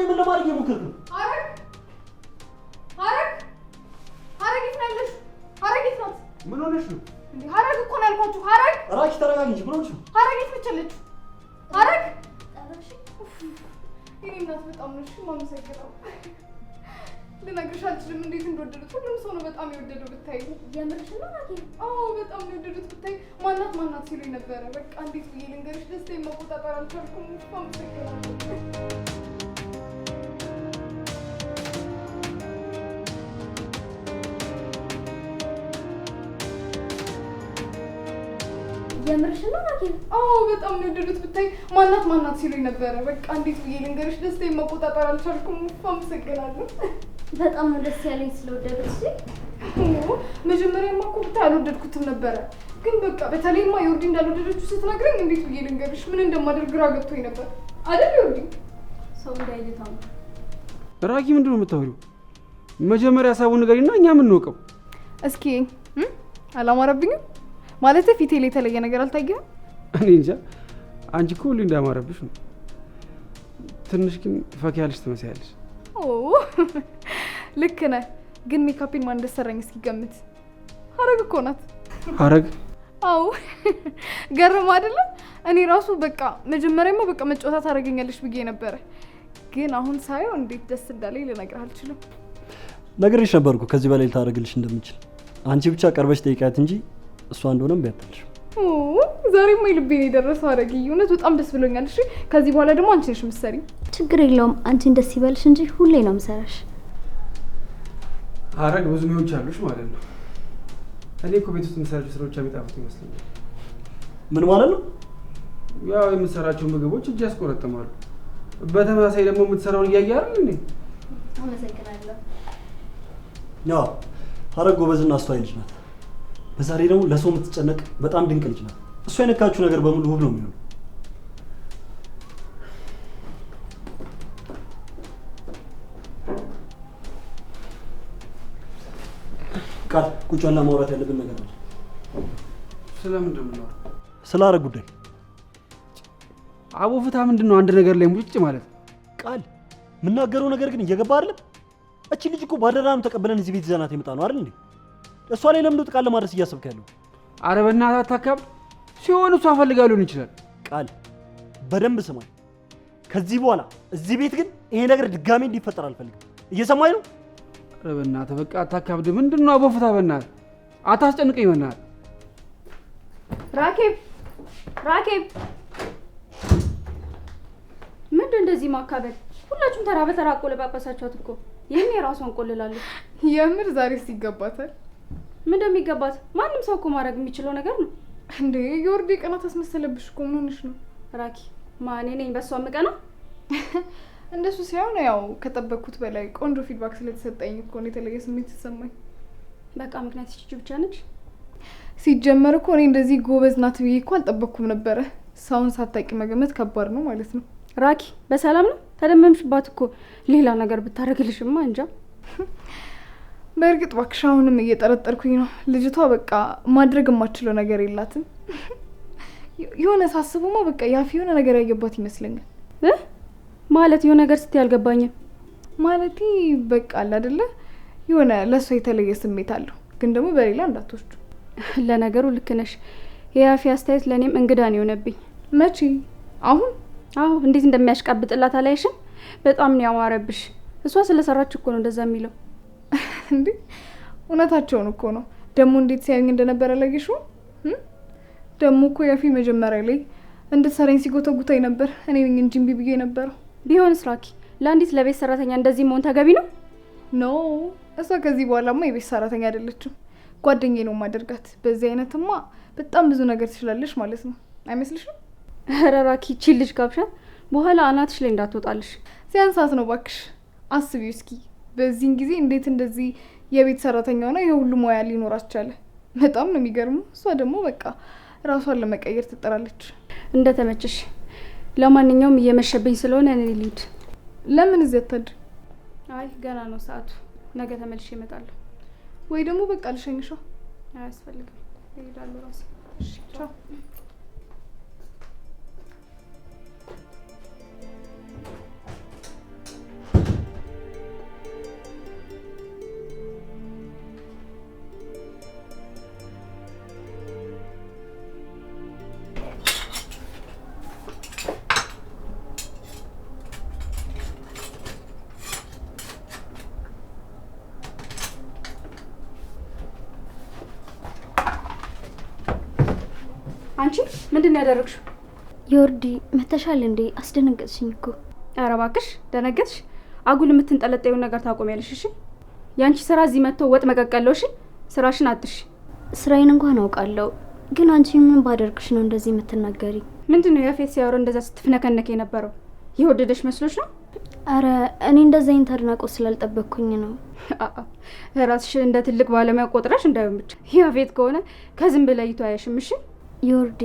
አንዴ ምን ለማድረግ የሞከርኩ? ሐረግ አረግ አረግ የት ነው ምን ሆነሽ ነው? አረግ እኮ ነው ያልኳችሁ። አረግ እባክሽ ተረጋጊ እንጂ ምን ሆነሽ ነው? ሐረግ የት ነች ያለችው? ሐረግ እናት በጣም ልነግርሽ አልችልም እንዴት እንደወደዱት። ሁሉም ሰው ነው በጣም የወደደው ብታይ። የምርሽ ነው? አዎ በጣም የወደዱት ብታይ። ማናት ማናት ሲሉኝ ነበረ። በቃ እንዴት ብዬ ልንገርሽ፣ ደስታዬን መቆጣጠር አልቻልኩም። አመሰግናለሁ። የምርሽ ነው ናት? አዎ በጣም ነው የወደዱት። ብታይ ማናት ማናት ሲሉኝ ነበረ። በቃ እንዴት ብዬ ልንገርሽ፣ ደስታዬን መቆጣጠር አልቻልኩም። አመሰግናለሁ። በጣም ነው ደስ ያለኝ ስለወደዱት። መጀመሪያማ እኮ ብታይ አልወደድኩትም ነበረ፣ ግን በቃ በተለይማ የወርዲ እንዳልወደደችው ስትነግረኝ እንዴት ብዬ ልንገርሽ፣ ምን እንደማደርግ ግራ ገብቶኝ ነበር። አይደል የወርዲ ሰው እንዳይለታ ራጊ፣ ምንድን ነው የምታወሪው? መጀመሪያ ሀሳቡን ንገሪና እኛ የምንወቀው እስኪ። አላማረብኝም ማለት ፊቴ ላይ የተለየ ነገር አልታየም። እኔ እንጃ። አንቺ እኮ ሁሉ እንዳማረብሽ ነው። ትንሽ ግን ፈካ ያለሽ ትመስያለሽ። ልክ ነህ። ግን ሜካፔን ማን እንደሰራኝ እስኪገምት። ሀረግ እኮ ናት። ሀረግ? አዎ። ገርም አይደለም? እኔ ራሱ በቃ መጀመሪያማ በቃ መጫወታ ታደርገኛለሽ ብዬ ነበረ፣ ግን አሁን ሳየው እንዴት ደስ እንዳለኝ ልነግርህ አልችልም። ነግሬሽ ነበርኩ ከዚህ በላይ ልታደርግልሽ እንደምችል። አንቺ ብቻ ቀርበሽ ጠይቂያት እንጂ እሷ እንደሆነም ቢያታልሽ ዛሬማ ልቤን የደረሰ አረግ እውነት በጣም ደስ ብሎኛል። እሺ ከዚህ በኋላ ደግሞ አንቺ ነሽ የምትሰሪኝ። ችግር የለውም አንቺን ደስ ይበልሽ እንጂ ሁሌ ነው ምሰራሽ። አረግ ብዙ ሚዎች አሉሽ ማለት ነው። እኔ እኮ ቤት ውስጥ የምሰራቸው ስራዎች የሚጣፉት ይመስለኛል። ምን ማለት ነው? ያው የምሰራቸው ምግቦች እጅ ያስቆረጥማሉ። በተመሳሳይ ደግሞ የምትሰራውን እያየ አይደል እንዴ? አመሰግናለሁ። ያው አረግ ጎበዝና አስተዋይ ልጅ ናት። በዛሬ ደግሞ ለሰው የምትጨነቅ በጣም ድንቅ ልጅ ናት። እሱ የነካችሁ ነገር በሙሉ ውብ ነው የሚሆነው። ቃል ቁጭ ብላ ማውራት ያለብን ነገር ነው። ስለምንድን ነው? ስለ አረ ጉዳይ አቦ ፍታ። ምንድን ነው አንድ ነገር ላይ ሙጭጭ ማለት ቃል የምናገረው ነገር ግን እየገባ አይደለም። እቺ ልጅ እኮ ባደራ ነው ተቀበለን እዚህ ቤት ይዘናት የመጣ ነው አይደል እንዴ? እሷ ላይ ለምዶ ጥቃት ለማድረስ እያሰብክ ያለው? አረ በእናትህ አታካብድ። ሲሆን እሷ ፈልጋ ሊሆን ይችላል። ቃል በደንብ ስማኝ። ከዚህ በኋላ እዚህ ቤት ግን ይሄ ነገር ድጋሜ እንዲፈጠር አልፈልግም። እየሰማኝ ነው? አረ በእናትህ በቃ አታካብድ። ምንድን ነው አቦፍታ? በእናትህ አታስጨንቀኝ። በእናትህ ራኬብ፣ ራኬብ ምንድን እንደዚህ ማካበል? ሁላችሁም ተራ በተራ ቆለጳጳሳችኋት እኮ። ይህም የራሷን ቆልላለች። የምር ዛሬስ ይገባታል። ምን እንደሚገባት ማንም ሰው እኮ ማድረግ የሚችለው ነገር ነው እንዴ። የወርዴ ቀናት አስመሰለብሽ እኮ ምን ሆነሽ ነው ራኪ? ማኔ ነኝ በሷ ምቀና? እንደሱ ሳይሆን ያው ከጠበቅኩት በላይ ቆንጆ ፊድባክ ስለተሰጠኝ እኮ ነው የተለየ ስሜት ተሰማኝ። በቃ ምክንያት ይቺ ብቻ ነች። ሲጀመር እኮ እኔ እንደዚህ ጎበዝ ናት ብዬ እኮ አልጠበቅኩም ነበረ። ሰውን ሳታቂ መገመት ከባድ ነው ማለት ነው። ራኪ በሰላም ነው? ተደመምሽባት እኮ ሌላ ነገር ብታደርግልሽማ እንጃ በእርግጥ እባክሽ አሁንም እየጠረጠርኩኝ ነው። ልጅቷ በቃ ማድረግ የማትችለው ነገር የላትም። የሆነ ሳስቡማ በቃ ያፊ የሆነ ነገር ያየባት ይመስለኛል። ማለት የሆነ ነገር ስትይ አልገባኝም። ማለት በቃ አለ አይደለ የሆነ ለእሷ የተለየ ስሜት አለው፣ ግን ደግሞ በሌላ እንዳትወስዱ። ለነገሩ ልክ ነሽ። የያፊ አስተያየት ለእኔም እንግዳ ነው የሆነብኝ። መቼ? አሁን? አዎ። እንዴት እንደሚያሽቃብጥላት አላይሽም? በጣም ነው ያማረብሽ። እሷ ስለሰራች እኮ ነው እንደዛ የሚለው እንዴ እውነታቸውን እኮ ነው። ደግሞ እንዴት ሲያዩኝ እንደነበረ ለጊሹ ደግሞ እኮ ያፊ መጀመሪያ ላይ እንድትሰራኝ ሲጎተጉታኝ ነበር። እኔ ነኝ እንጂ እምቢ ብዬ ነበረው። ቢሆንስ ራኪ ለአንዲት ለቤት ሰራተኛ እንደዚህ መሆን ተገቢ ነው? ኖ እሷ ከዚህ በኋላማ የቤት ሰራተኛ አይደለችም፣ ጓደኛዬ ነው ማደርጋት። በዚህ አይነትማ በጣም ብዙ ነገር ትችላለች ማለት ነው። አይመስልሽም? ኧረ ቺ ልጅ ጋብሻ በኋላ አናትሽ ላይ እንዳትወጣልሽ። ሲያንሳት ነው ባክሽ። አስቢው እስኪ በዚህን ጊዜ እንዴት እንደዚህ የቤት ሰራተኛ ሆና ይሄ ሁሉ ሙያ ሊኖራት ቻለ? በጣም ነው የሚገርሙ እሷ ደግሞ በቃ ራሷን ለመቀየር ትጠራለች። እንደ ተመቸሽ። ለማንኛውም እየመሸብኝ ስለሆነ እኔ ልሂድ። ለምን እዚህ አታድር? አይ ገና ነው ሰዓቱ። ነገ ተመልሼ እመጣለሁ። ወይ ደግሞ በቃ ልሸኝሻ። አያስፈልግም፣ እሄዳለሁ ራሴ። ቻው ምንድን ነው ያደረግሽው? የወርዲ መተሻል እንዴ? አስደነገጥሽኝ እኮ። ኧረ እባክሽ ደነገጥሽ? አጉል የምትንጠለጠየውን ነገር ታቆሚያለሽ? እሺ የአንቺ ስራ እዚህ መጥቶ ወጥ መቀቀለው። እሺ ስራሽን አትሽ። ስራዬን እንኳን አውቃለሁ፣ ግን አንቺ ምን ባደርግሽ ነው እንደዚህ የምትናገሪ? ምንድን ነው ያፌት ሲያወራ እንደዛ ስትፍነከነከ የነበረው? የወደደሽ መስሎች ነው? አረ እኔ እንደዛ አይነት አድናቆት ስላልጠበቅኩኝ ነው። ራስሽ እንደ ትልቅ ባለሙያ ቆጥረሽ እንዳይሆን ብቻ። ያፌት ከሆነ ከዝም ብለይቶ አያሽም። እሺ ይወርዲ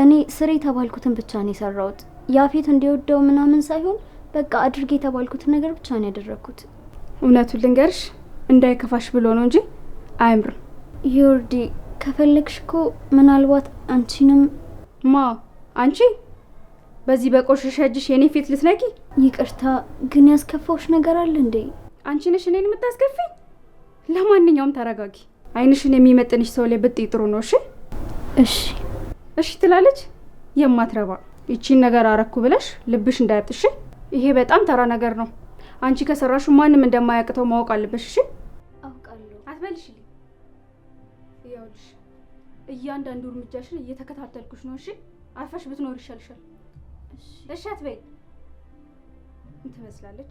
እኔ ስር የተባልኩትን ብቻ ነው የሰራሁት። ያፌት እንዲወደው ምናምን ሳይሆን በቃ አድርጌ የተባልኩትን ነገር ብቻ ነው ያደረግኩት። እውነቱን ልንገርሽ እንዳይከፋሽ ብሎ ነው እንጂ አይምር። ዮርዲ ከፈለግሽ እኮ ምናልባት አንቺንም ማ አንቺ በዚህ በቆሸሸ እጅሽ የኔ ፊት ልትነጊ? ይቅርታ ግን ያስከፋዎች ነገር አለ እንዴ? አንቺ ነሽ እኔን የምታስከፊ። ለማንኛውም ተረጋጊ። አይንሽን የሚመጥንሽ ሰው ላይ ብጤ ጥሩ ነው። እሺ እሺ እሺ ትላለች። የማትረባ ይቺን ነገር አረኩ ብለሽ ልብሽ እንዳያጥሽ። ይሄ በጣም ተራ ነገር ነው። አንቺ ከሰራሹ ማንም እንደማያቅተው ማወቅ አለበሽ። እሺ አውቃለሁ። አትበልሽ። ይኸውልሽ እያንዳንዱ እርምጃሽን እየተከታተልኩሽ ነው። እሺ አርፈሽ ብትኖር ይሻልሻል። እሺ አትበይ። ትመስላለች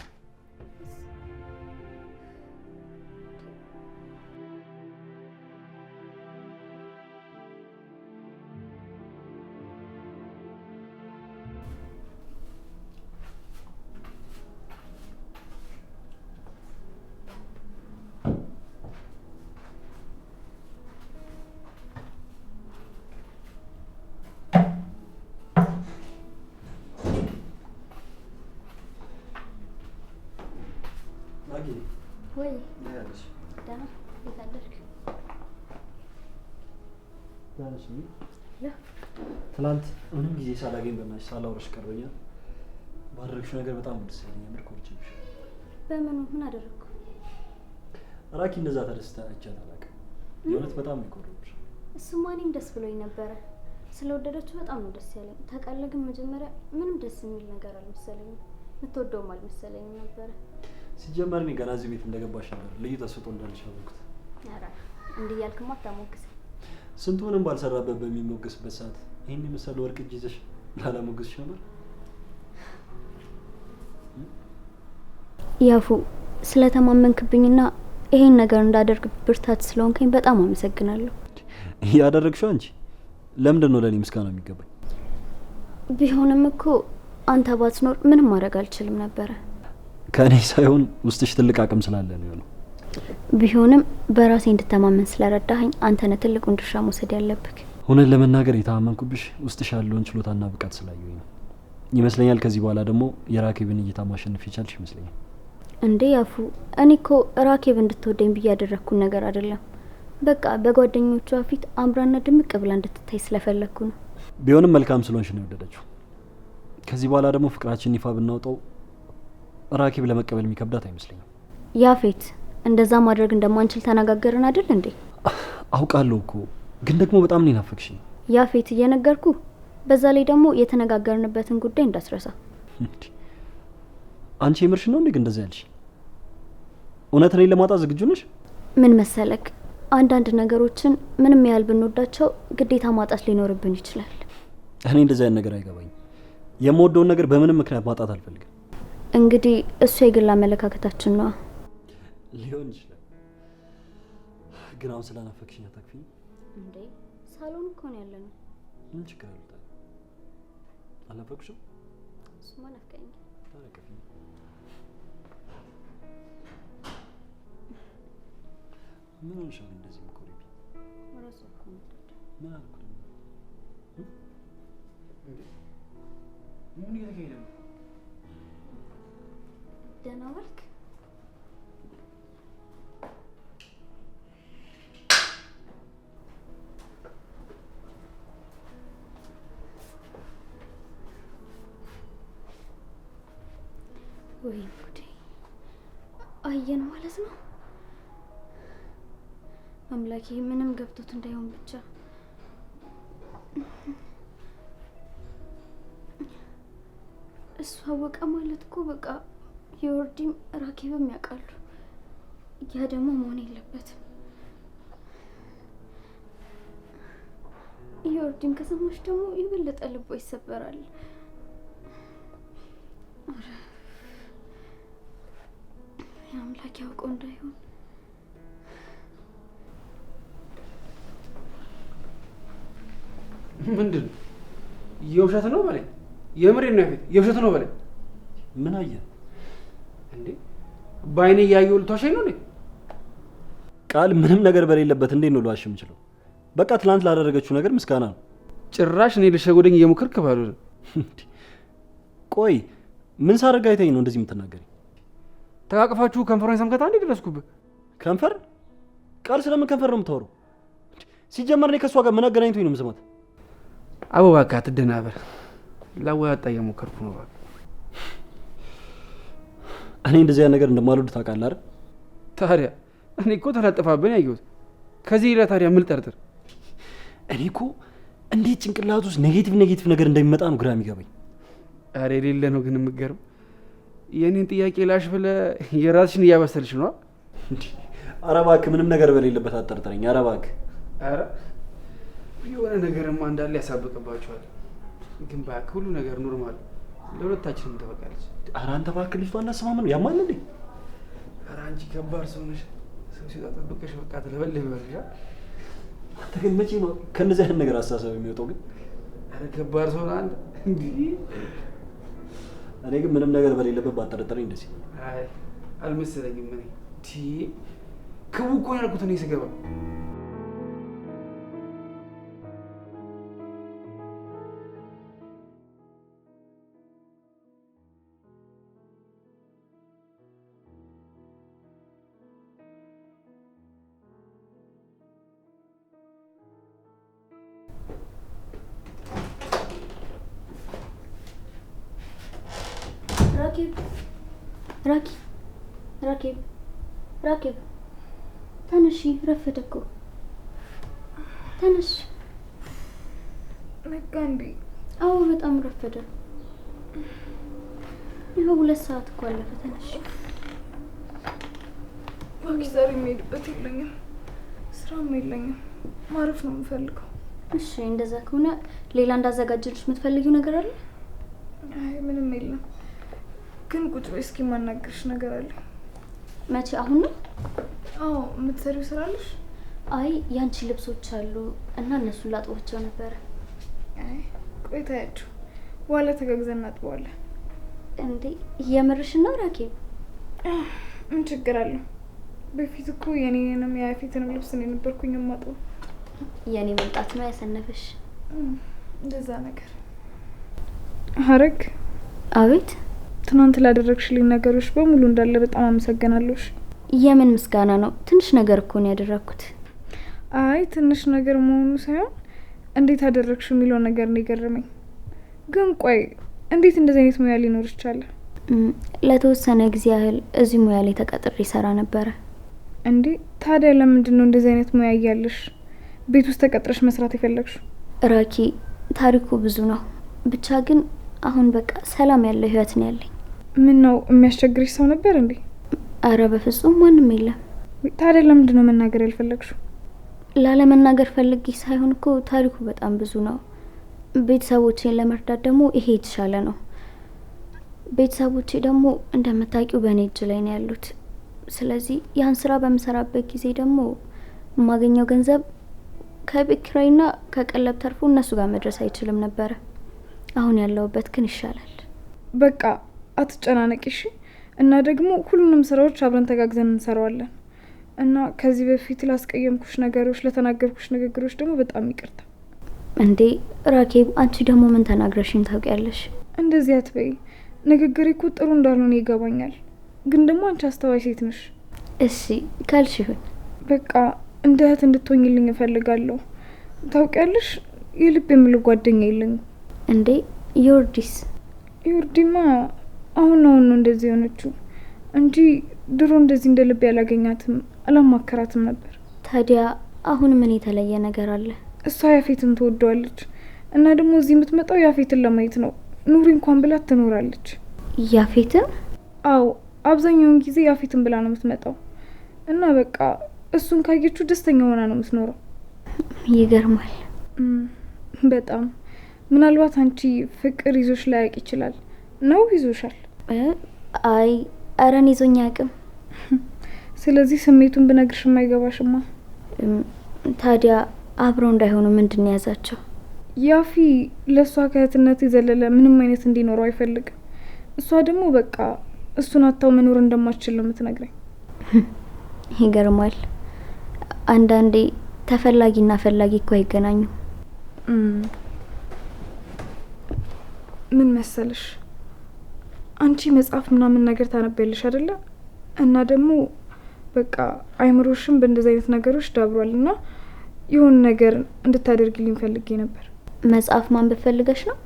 አጌ ወይ ያለሽ ደህና የታደርክ ያለሽ ትናንት ምንም ጊዜ ሳላገኝ በማሽ ሳላውረሽ ቀርበኛል። ባደረግሽው ነገር በጣም ደስ ይለኛል። ምርኮ ብቻሽ በምኑ ምን አደረግኩ? ራኪ እንደዛ ተደስታ አይቻት አላውቅም። የእውነት በጣም ነው እሱማ እኔም ደስ ብሎኝ ነበረ። ስለወደደችው በጣም ነው ደስ ያለኝ። ታውቃለህ፣ ግን መጀመሪያ ምንም ደስ የሚል ነገር አልመሰለኝም። የምትወደውም አልመሰለኝም ነበረ ሲጀመር እኔ ገና እዚህ ቤት እንደገባሽ ነበር ልዩ ተስጦ እንዳለሽ ያወቅኩት። ኧረ እንዲህ እያልክማ አታሞግስ። ስንቱንም ባልሰራበት በሚሞገስበት ሰዓት ይህን የመሰለ ወርቅ እጅ ይዘሽ ላላሞግስሽ ነበር። ያፉ ስለተማመንክብኝና ይሄን ነገር እንዳደርግ ብርታት ስለሆንከኝ በጣም አመሰግናለሁ። ያደረግሽው አንቺ ለምንድን ነው ለእኔ ምስጋና የሚገባኝ? ቢሆንም እኮ አንተ ባትኖር ምንም ማድረግ አልችልም ነበረ። ከእኔ ሳይሆን ውስጥሽ ትልቅ አቅም ስላለ ነው የሆነው። ቢሆንም በራሴ እንድተማመን ስለረዳኸኝ አንተ ነህ ትልቁን ድርሻ መውሰድ ያለብክ። እውነት ለመናገር የተማመንኩብሽ ውስጥሽ ያለውን ችሎታና ብቃት ስላየኝ ነው ይመስለኛል። ከዚህ በኋላ ደግሞ የራኬብን እይታ ማሸንፍ የቻልሽ ይመስለኛል። እንዴ ያፉ፣ እኔ እኮ ራኬብ እንድትወደኝ ብዬ ያደረግኩን ነገር አይደለም። በቃ በጓደኞቿ ፊት አምራና ድምቅ ብላ እንድትታይ ስለፈለግኩ ነው። ቢሆንም መልካም ስለሆንሽ ነው የወደደችው። ከዚህ በኋላ ደግሞ ፍቅራችን ይፋ ብናውጠው ራኪብ ለመቀበል የሚከብዳት አይመስለኝም። ያፌት፣ እንደዛ ማድረግ እንደማንችል ተነጋገርን አይደል እንዴ? አውቃለሁ እኮ ግን ደግሞ በጣም ነው ናፈቅሽኝ። ያፌት፣ እየነገርኩ በዛ ላይ ደግሞ የተነጋገርንበትን ጉዳይ እንዳስረሳ አንቺ የምርሽ ነው እንዴ እንደዚህ ያልሽ? እውነት እኔን ለማጣት ዝግጁ ነሽ? ምን መሰለክ፣ አንዳንድ ነገሮችን ምንም ያህል ብንወዳቸው ግዴታ ማጣት ሊኖርብን ይችላል። እኔ እንደዚህ አይነት ነገር አይገባኝም። የምወደውን ነገር በምንም ምክንያት ማጣት አልፈልግም። እንግዲህ እሱ የግል አመለካከታችን ነው ሊሆን ይችላል፣ ግን አሁን ስላናፈቅሽኝ አታክፊኝ እንዴ? ሳሎን እኮ ነው ያለ ነው። ምን ችግር አለ? አልናፈቅሽም? እሱማ ታረቀኝ። ምን እንደዚህ እኮ ምን ምን ነው ደህና ዋልክ? ወይ ጉዴ! አየን ማለት ነው። አምላኬ ምንም ገብቶት እንዳይሆን ብቻ እሱ አወቀ ማለት እኮ በቃ የወርዲም ራኬብም ያውቃሉ። ያ ደግሞ መሆን የለበትም። የወርዲም ከሰማች ደግሞ የበለጠ ልቦ ይሰበራል። የአምላክ ያውቀው እንዳይሆን ምንድን ነው የውሸት ነው በላይ የምሬ ነው የውሸት ነው በላይ ምን አየህ በአይኔ እያየሁ ልታሸኝ ነው? ቃል ምንም ነገር በሌለበት እንዴት ነው ልዋሽ የምችለው? በቃ ትናንት ላደረገችው ነገር ምስጋና ነው። ጭራሽ እኔ ልሸጎደኝ እየሞከርክ ባሉ። ቆይ ምን ሳደርግ አይተኝ ነው እንደዚህ የምትናገሪ? ተቃቅፋችሁ ከንፈሯን ሰምከታ እንዴ ደረስኩብህ። ከንፈር ቃል ስለምን ከንፈር ነው የምታወራው? ሲጀመር እኔ ከእሷ ጋር ምን አገናኝቶኝ ነው የምስማት? አበባ ካ ትደናበር ላወጣ እየሞከርኩ ነው። እኔ እንደዚያ ነገር እንደማልወድ ታውቃለህ አይደል? ታዲያ እኔ እኮ ተለጥፋብን ያየሁት ከዚህ ሌላ ታዲያ ምን ልጠርጥር? እኔ እኮ እንዴት ጭንቅላት ውስጥ ኔጌቲቭ ኔጌቲቭ ነገር እንደሚመጣ ነው ግራ የሚገባኝ። አረ የሌለ ነው ግን የምገርም የእኔን ጥያቄ ላሽ ብለህ የራስሽን እያበሰልሽ ነ አረ እባክህ ምንም ነገር በሌለበት አጠርጥረኝ። አረ እባክህ አረ የሆነ ነገርማ እንዳለ ያሳብቅባቸዋል። ግን እባክህ ሁሉ ነገር ኖርማል ለሁለታችንም ተበቃለች። ኧረ አንተ እባክህ ልጅቷ እናስማምን ያማል እንዴ? ኧረ አንቺ ከባድ ሰው ነሽ። ሰው ሲወጣ ጠብቀሽ በቃ ትለበልህ ይበልሻ። አንተ ግን መቼ ነው ከእነዚህ አይነት ነገር አስተሳሰብ የሚወጣው? ግን አረ ከባድ ሰው ነህ አንተ። እንዲህ እኔ ግን ምንም ነገር በሌለበት ባጠረጠረኝ እንደዚህ አልመሰለኝም። እኔ ክቡ እኮ ነው ያልኩት እኔ ስገባ راكب ራኬብ راكب راكب ተነሺ፣ ረፈደ እኮ ተነሽ። ነጋ እንዴ? አዎ፣ በጣም ረፈደ። ይኸው ሁለት ሰዓት እኮ አለፈ። ተነሽ። ባኪ፣ ዛሬ የሚሄድበት የለኝም፣ ስራም የለኝም፣ ማረፍ ነው የምፈልገው። እሺ፣ እንደዛ ከሆነ ሌላ እንዳዘጋጀልሽ የምትፈልጊው ነገር አለ? አይ፣ ምንም የለም። ግን ቁጭ በይ እስኪ የማናገርሽ ነገር አለ። መቼ? አሁን ነው? አዎ። የምትሰሪው ስራ አለሽ? አይ ያንቺ ልብሶች አሉ እና እነሱን ላጥቧቸው ነበረ። ቆይታያችሁ ቆይ ታያችሁ፣ በኋላ ተጋግዘን እናጥበዋለን። እንዴ የምርሽ ነው ራኬብ? ምን ችግር አለው? በፊት እኮ የኔንም የፊትንም ልብስ ነው የነበርኩኝ የማጥበው። የኔ መምጣት ነው ያሰነፈሽ? እንደዛ ነገር ሀረግ። አቤት ትናንት ላደረግሽልኝ ነገሮች በሙሉ እንዳለ በጣም አመሰግናለሽ። የምን ምስጋና ነው? ትንሽ ነገር እኮ ነው ያደረግኩት። አይ ትንሽ ነገር መሆኑ ሳይሆን እንዴት አደረግሽ የሚለው ነገር ነው የገረመኝ። ግን ቆይ እንዴት እንደዚህ አይነት ሙያ ሊኖር ይቻለ? ለተወሰነ ጊዜ ያህል እዚህ ሙያ ላይ ተቀጥሬ ይሰራ ነበረ። እንዴ ታዲያ ለምንድን ነው እንደዚህ አይነት ሙያ እያለሽ ቤት ውስጥ ተቀጥረሽ መስራት የፈለግሽው? ራኪ ታሪኩ ብዙ ነው። ብቻ ግን አሁን በቃ ሰላም ያለው ህይወት ነው ያለኝ። ምን ነው የሚያስቸግርሽ ሰው ነበር እንዴ? አረ በፍጹም ማንም የለም። ታዲያ ለምንድን ነው መናገር ያልፈለግሽው? ላለመናገር ፈልጌ ሳይሆን እኮ ታሪኩ በጣም ብዙ ነው። ቤተሰቦቼን ለመርዳት ደግሞ ይሄ የተሻለ ነው። ቤተሰቦቼ ደግሞ እንደምታውቂው በእኔ እጅ ላይ ነው ያሉት። ስለዚህ ያን ስራ በምሰራበት ጊዜ ደግሞ የማገኘው ገንዘብ ከቤት ኪራይና ከቀለብ ተርፎ እነሱ ጋር መድረስ አይችልም ነበረ። አሁን ያለውበት ግን ይሻላል። በቃ አትጨናነቂ እሺ። እና ደግሞ ሁሉንም ስራዎች አብረን ተጋግዘን እንሰራዋለን። እና ከዚህ በፊት ላስቀየምኩሽ ነገሮች፣ ለተናገርኩሽ ንግግሮች ደግሞ በጣም ይቅርታ። እንዴ ራኬብ፣ አንቺ ደግሞ ምን ተናግረሽኝ ታውቂያለሽ? እንደዚህ አትበይ። ንግግሬ እኮ ጥሩ እንዳልሆነ ይገባኛል፣ ግን ደግሞ አንቺ አስተዋይ ሴት ነሽ። እሺ ካልሽ ይሁን። በቃ እንደ እህት እንድትሆኝልኝ እፈልጋለሁ። ታውቂያለሽ፣ የልብ የምል ጓደኛ የለኝም። እንዴ ዮርዲስ? ዮርዲማ አሁን ነው ነው እንደዚህ የሆነችው እንጂ ድሮ እንደዚህ እንደ ልብ ያላገኛትም አላማከራትም ነበር። ታዲያ አሁን ምን የተለየ ነገር አለ? እሷ ያፌትን ትወደዋለች እና ደግሞ እዚህ የምትመጣው ያፌትን ለማየት ነው። ኑሪ እንኳን ብላት ትኖራለች። ያፌትን? አዎ አብዛኛውን ጊዜ ያፌትን ብላ ነው የምትመጣው እና በቃ እሱን ካየችው ደስተኛ ሆና ነው የምትኖረው። ይገርማል በጣም ምናልባት አንቺ ፍቅር ይዞች ላያውቅ ይችላል ነው ይዞሻል? አይ አረን ይዞኝ አቅም። ስለዚህ ስሜቱን ብነግርሽም አይገባሽማ። ታዲያ አብረው እንዳይሆኑ ምንድን የያዛቸው? ያፊ ለእሷ ከእህትነት የዘለለ ምንም አይነት እንዲኖረው አይፈልግም። እሷ ደግሞ በቃ እሱን አታው መኖር እንደማትችል ነው የምትነግረኝ። ይገርማል። አንዳንዴ ተፈላጊና ፈላጊ እኮ አይገናኙ። ምን መሰልሽ፣ አንቺ መጽሐፍ ምናምን ነገር ታነቢያለሽ አይደለ? እና ደግሞ በቃ አይምሮሽም በእንደዚህ አይነት ነገሮች ዳብሯል እና የሆነ ነገር እንድታደርግልኝ ፈልጌ ነበር። መጽሐፍ ማንበብ ፈልገሽ ነው?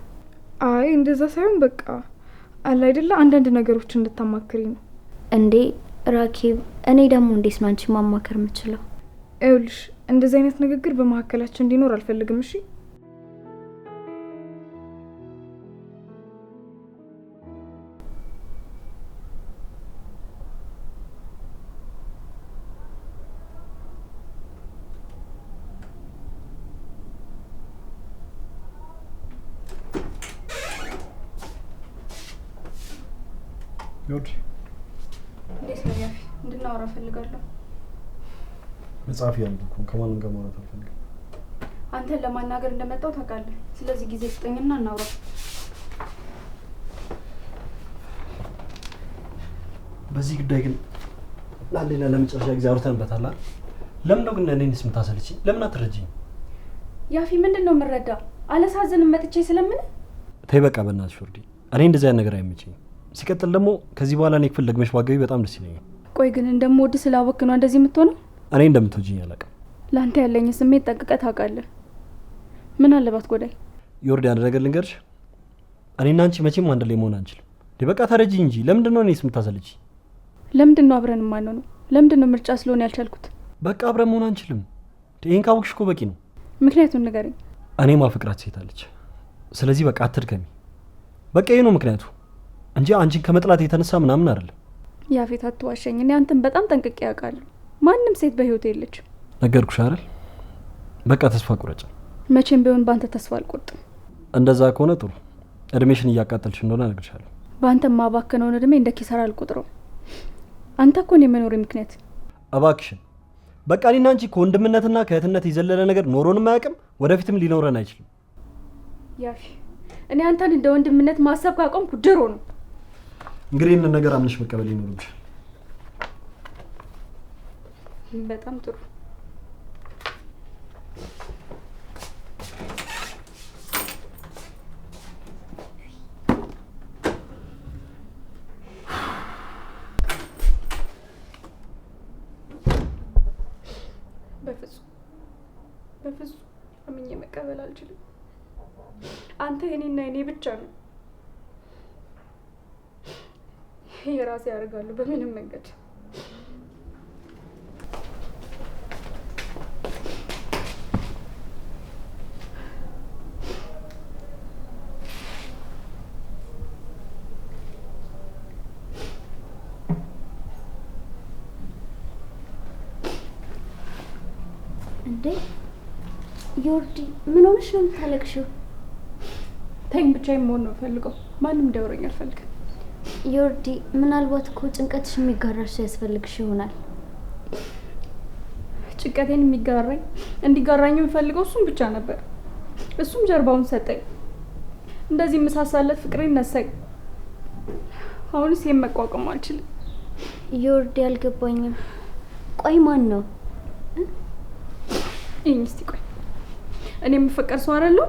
አይ እንደዛ ሳይሆን በቃ አለ አይደለ አንዳንድ ነገሮች እንድታማክሪ ነው። እንዴ ራኬብ፣ እኔ ደግሞ እንዴት ነው አንቺ ማማከር የምችለው? ይኸውልሽ እንደዚህ አይነት ንግግር በመካከላችን እንዲኖር አልፈልግም። እሺ ይኸውልሽ እንዴት ነው ያፊ እንድናወራ እፈልጋለሁ መጽሐፍ ያንብኩ ከማንም ጋር ማውራት አልፈልግም አንተን ለማናገር እንደመጣው ታውቃለህ ስለዚህ ጊዜ ስጠኝና እናውራ በዚህ ጉዳይ ግን ለአንዴና ለመጨረሻ ጊዜ አውርተንበታል ለምን ነው ግን እኔንስ የምታሰልችኝ ለምን አትረጅኝ ያፊ ምንድን ነው የምረዳ አለሳዝንም መጥቼ ስለምን ተይ በቃ በእናትሽ ወርዲ እኔ እንደዚህ ነገር አይመቸኝም ሲቀጥል ደግሞ ከዚህ በኋላ እኔ ክፍል ደግመሽ ባገቢ በጣም ደስ ይለኛል። ቆይ ግን እንደምወድ ስላወክ ነው እንደዚህ የምትሆነው? እኔ እንደምትወጂኝ አላውቅም። ለአንተ ያለኝ ስሜት ጠንቅቀ ታውቃለህ። ምን አለባት ጎዳይ ዮርድ ያደረገ ልንገርሽ፣ እኔና አንቺ መቼም አንድ ላይ መሆን አንችልም። በቃ ታረጂ እንጂ ለምንድን ነው እኔስ ለምንድን ነው አብረን ነው ለምንድን ነው ምርጫ ስለሆነ ያልቻልኩት? በቃ አብረን መሆን አንችልም። ይህን ካወቅሽ እኮ በቂ ነው። ምክንያቱን ንገረኝ። እኔ ማፍቅራት ሴት አለች። ስለዚህ በቃ አትድከሚ። በቃ ይህ ነው ምክንያቱ። እንጂ አንቺን ከመጥላት የተነሳ ምናምን አይደለም። ያፌት አትዋሸኝ። እኔ አንተን በጣም ጠንቅቄ ያውቃለሁ። ማንም ሴት በህይወት የለች ነገርኩሽ አይደል? በቃ ተስፋ ቁረጭ። መቼም ቢሆን በአንተ ተስፋ አልቆርጥም። እንደዛ ከሆነ ጥሩ። እድሜሽን እያቃጠልሽ እንደሆነ እነግርሻለሁ። በአንተ ማባከነውን እድሜ እንደ ኪሳራ አልቆጥረው። አንተ እኮ ነው የመኖሬ ምክንያት። እባክሽን በቃ እኔና አንቺ ከወንድምነትና ከእህትነት የዘለለ ነገር ኖሮንም አያውቅም፣ ወደፊትም ሊኖረን አይችልም። ያፊ እኔ አንተን እንደ ወንድምነት ማሰብ ካቆምኩ ድሮ ነው። እንግዲህ ይህንን ነገር አምነሽ መቀበል ይኖርብሻል። በጣም ጥሩ። በፍጹም በፍጹም አምኜ መቀበል አልችልም። አንተ የኔና የኔ ብቻ ነው። ራሴ ያደርጋሉ። በምንም መንገድ ዮርዲ ምን ሆነሽ ነው የምታለቅሽው? ተኝ ብቻዬን መሆን ነው ፈልገው ማንም ደውረኝ አልፈልግም። ዮርዲ ምናልባት እኮ ጭንቀትሽ የሚጋራሽ ያስፈልግሽ ይሆናል። ጭንቀቴን የሚጋራኝ እንዲጋራኝ የምፈልገው እሱም ብቻ ነበር። እሱም ጀርባውን ሰጠኝ። እንደዚህ የምሳሳለት ፍቅሬን ነሳኝ። አሁንስ ይሄን መቋቋም አልችልም። ዮርዲ አልገባኝም። ቆይ ማን ነው ይህኝ? እስቲ ቆይ እኔ የምፈቀር ሰው አይደለሁ?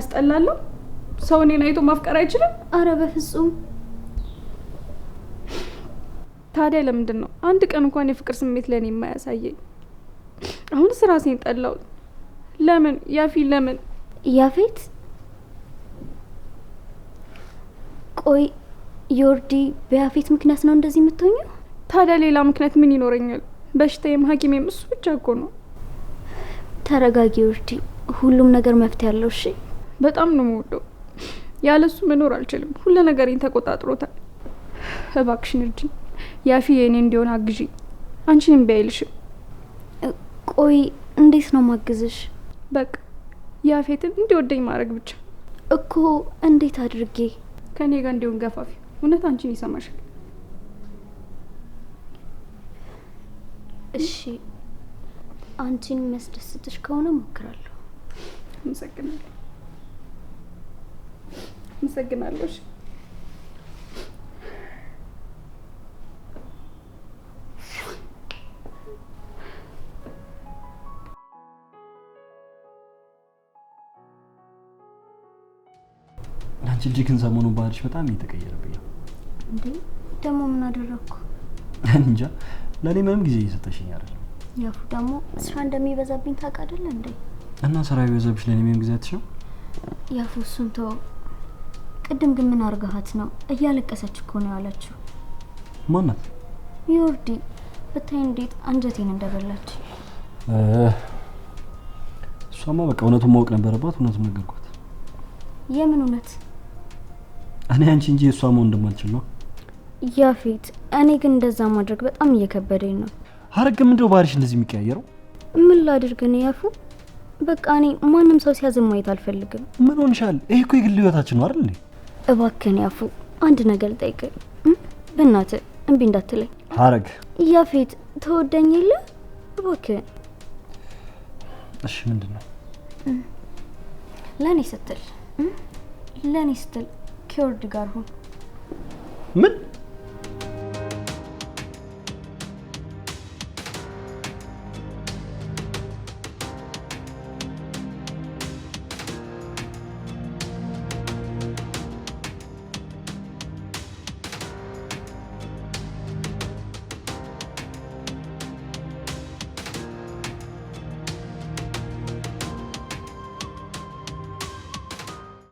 አስጠላለሁ? ሰው እኔን አይቶ ማፍቀር አይችልም። አረ በፍጹም ታዲያ ለምንድን ነው አንድ ቀን እንኳን የፍቅር ስሜት ለእኔ የማያሳየኝ? አሁን ራሴን ጠላው። ለምን ያፊ ለምን ያፊት? ቆይ ዮርዲ በያፊት ምክንያት ነው እንደዚህ የምትሆኘው? ታዲያ ሌላ ምክንያት ምን ይኖረኛል? በሽታዬም ሐኪሜም እሱ ብቻ እኮ ነው። ተረጋጊ ዮርዲ፣ ሁሉም ነገር መፍትሄ ያለው። እሺ በጣም ነው የምወደው። ያለሱ መኖር አልችልም። ሁሉ ነገሬን ተቆጣጥሮታል። እባክሽን እርጅኝ ያፊ የእኔ እንዲሆን አግዢ። አንቺንም ቢያይልሽም ቆይ እንዴት ነው ማግዝሽ? በቃ ያፌትን እንዲወደኝ ማድረግ ብቻ እኮ። እንዴት አድርጌ ከእኔ ጋር እንዲሆን ገፋፊ? እውነት አንቺን ይሰማሻል? እሺ አንቺን የሚያስደስትሽ ከሆነ እሞክራለሁ። አመሰግናለሁ። አመሰግናለሁ። ጅጅክን ሰሞኑን ባህሪሽ በጣም እየተቀየረብኝ ነው። እንዴ ደግሞ ምን አደረግኩ? እንጃ ለእኔ ምንም ጊዜ እየሰጠሽኝ አይደል? ያፉ ደግሞ ስራ እንደሚበዛብኝ ታውቃለህ እንዴ? እና ስራ ቢበዛብሽ ለእኔ ምንም ጊዜ አትሽም? ያፉ እሱን ተው። ቅድም ግን ምን አርጋሃት ነው? እያለቀሰች እኮ ነው ያለችው። ማናት? ይወርዲ ብታይ እንዴት አንጀቴን እንደበላች። እሷማ በቃ እውነቱን ማወቅ ነበረባት። እውነቱን ነገርኳት። የምን እውነት? እኔ አንቺ እንጂ እሷ መሆን እንደማልችል ነው ያፌት። እኔ ግን እንደዛ ማድረግ በጣም እየከበደኝ ነው። ሀረግም እንደው ባህሪሽ እንደዚህ የሚቀያየረው ምን ላድርግ ነው ያፉ። በቃ እኔ ማንም ሰው ሲያዝን ማየት አልፈልግም። ምን ሆንሻል? ይሄ እኮ የግል ህይወታችን ነው አይደል? እባክን ያፉ፣ አንድ ነገር ልጠይቅ። ብናት እምቢ እንዳትለኝ። ሀረግ ያፌት፣ ተወደኝ የለ እባክህን። እሺ ምንድን ነው? ለእኔ ስትል ለእኔ ስትል ከወርድ ጋር ሁን። ምን